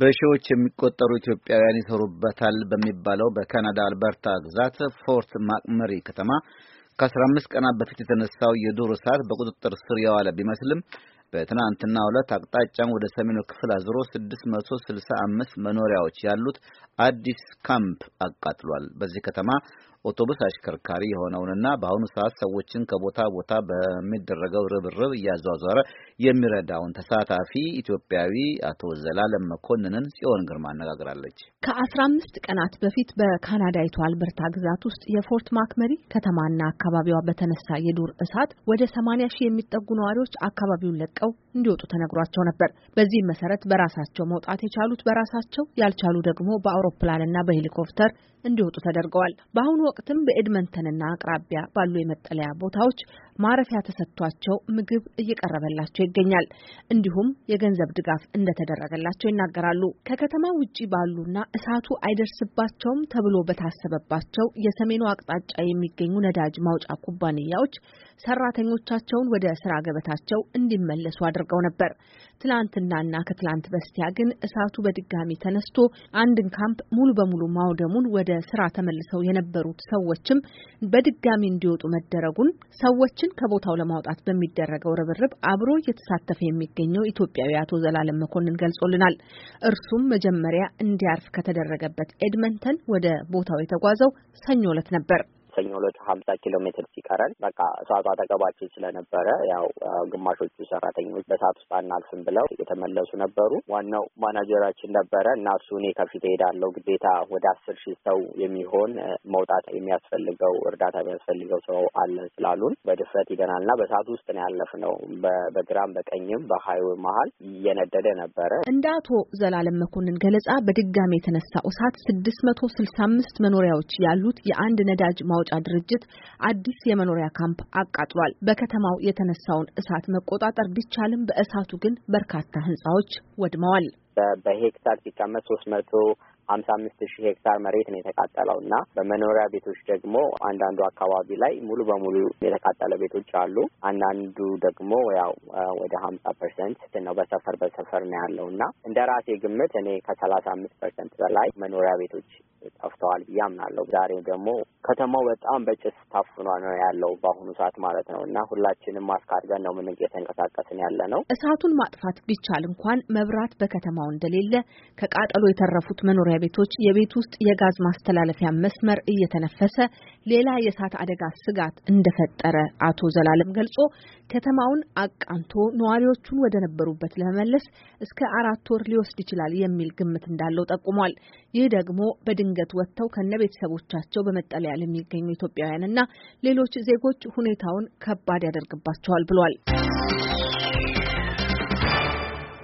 በሺዎች የሚቆጠሩ ኢትዮጵያውያን ይሰሩበታል በሚባለው በካናዳ አልበርታ ግዛት ፎርት ማክመሪ ከተማ ከ15 ቀናት በፊት የተነሳው የዱር እሳት በቁጥጥር ስር የዋለ ቢመስልም በትናንትና ዕለት አቅጣጫን ወደ ሰሜኑ ክፍል አዝሮ 665 መኖሪያዎች ያሉት አዲስ ካምፕ አቃጥሏል። በዚህ ከተማ አውቶቡስ አሽከርካሪ የሆነውንና በአሁኑ ሰዓት ሰዎችን ከቦታ ቦታ በሚደረገው ርብርብ እያዟዟረ የሚረዳውን ተሳታፊ ኢትዮጵያዊ አቶ ዘላለም መኮንንን ጽዮን ግርማ አነጋግራለች። ከአስራ አምስት ቀናት በፊት በካናዳይቱ አልበርታ ግዛት ውስጥ የፎርት ማክመሪ ከተማና አካባቢዋ በተነሳ የዱር እሳት ወደ ሰማንያ ሺህ የሚጠጉ ነዋሪዎች አካባቢውን ለቀው እንዲወጡ ተነግሯቸው ነበር። በዚህም መሰረት በራሳቸው መውጣት የቻሉት በራሳቸው ያልቻሉ ደግሞ በአውሮፕላንና በሄሊኮፕተር እንዲወጡ ተደርገዋል። በአሁኑ ወቅትም በኤድመንተንና አቅራቢያ ባሉ የመጠለያ ቦታዎች ማረፊያ ተሰጥቷቸው ምግብ እየቀረበላቸው ይገኛል። እንዲሁም የገንዘብ ድጋፍ እንደተደረገላቸው ይናገራሉ። ከከተማ ውጭ ባሉና እሳቱ አይደርስባቸውም ተብሎ በታሰበባቸው የሰሜኑ አቅጣጫ የሚገኙ ነዳጅ ማውጫ ኩባንያዎች ሰራተኞቻቸውን ወደ ስራ ገበታቸው እንዲመለሱ አድርገው ነበር። ትላንትናና ከትላንት በስቲያ ግን እሳቱ በድጋሚ ተነስቶ አንድን ካምፕ ሙሉ በሙሉ ማውደሙን ወደ ስራ ተመልሰው የነበሩ የሞቱት ሰዎችም በድጋሚ እንዲወጡ መደረጉን ሰዎችን ከቦታው ለማውጣት በሚደረገው ርብርብ አብሮ እየተሳተፈ የሚገኘው ኢትዮጵያዊ አቶ ዘላለም መኮንን ገልጾልናል። እርሱም መጀመሪያ እንዲያርፍ ከተደረገበት ኤድመንተን ወደ ቦታው የተጓዘው ሰኞ ዕለት ነበር። ሰኞ ዕለት ሀምሳ ኪሎ ሜትር ሲቀረን በቃ እሳቱ አጠገባችን ስለነበረ ያው ግማሾቹ ሰራተኞች በሰዓት ውስጥ አናልፍም ብለው የተመለሱ ነበሩ። ዋናው ማናጀራችን ነበረ እና እሱ እኔ ከፊት ሄዳለው ግዴታ ወደ አስር ሺህ ሰው የሚሆን መውጣት የሚያስፈልገው እርዳታ የሚያስፈልገው ሰው አለ ስላሉን በድፍረት ሂደናል እና በሰዓት ውስጥ ነው ያለፍነው። በግራም በቀኝም በሀይዌ መሀል እየነደደ ነበረ። እንደ አቶ ዘላለም መኮንን ገለጻ በድጋሚ የተነሳው እሳት ስድስት መቶ ስልሳ አምስት መኖሪያዎች ያሉት የአንድ ነዳጅ ማውጫ ማስቀመጫ ድርጅት አዲስ የመኖሪያ ካምፕ አቃጥሏል። በከተማው የተነሳውን እሳት መቆጣጠር ቢቻልም በእሳቱ ግን በርካታ ሕንፃዎች ወድመዋል። በሄክታር ሲቀመጥ ሶስት መቶ ሀምሳ አምስት ሺህ ሄክታር መሬት ነው የተቃጠለው እና በመኖሪያ ቤቶች ደግሞ አንዳንዱ አካባቢ ላይ ሙሉ በሙሉ የተቃጠለ ቤቶች አሉ። አንዳንዱ ደግሞ ያው ወደ ሀምሳ ፐርሰንት ነው በሰፈር በሰፈር ነው ያለው እና እንደ ራሴ ግምት እኔ ከሰላሳ አምስት ፐርሰንት በላይ መኖሪያ ቤቶች ጠፍተዋል ብዬ አምናለሁ። ዛሬው ደግሞ ከተማው በጣም በጭስ ታፍኗ ነው ያለው በአሁኑ ሰዓት ማለት ነው እና ሁላችንም ማስክ አድርገን ነው ምን የተንቀሳቀስን ያለ ነው። እሳቱን ማጥፋት ቢቻል እንኳን መብራት በከተማው እንደሌለ ከቃጠሎ የተረፉት መኖሪያ ቤቶች የቤት ውስጥ የጋዝ ማስተላለፊያ መስመር እየተነፈሰ ሌላ የእሳት አደጋ ስጋት እንደፈጠረ አቶ ዘላለም ገልጾ ከተማውን አቃንቶ ነዋሪዎቹን ወደ ነበሩበት ለመመለስ እስከ አራት ወር ሊወስድ ይችላል የሚል ግምት እንዳለው ጠቁሟል። ይህ ደግሞ በድንገት ወጥተው ከነ ቤተሰቦቻቸው በመጠለያ ለሚገኙ ኢትዮጵያውያንና ሌሎች ዜጎች ሁኔታውን ከባድ ያደርግባቸዋል ብሏል።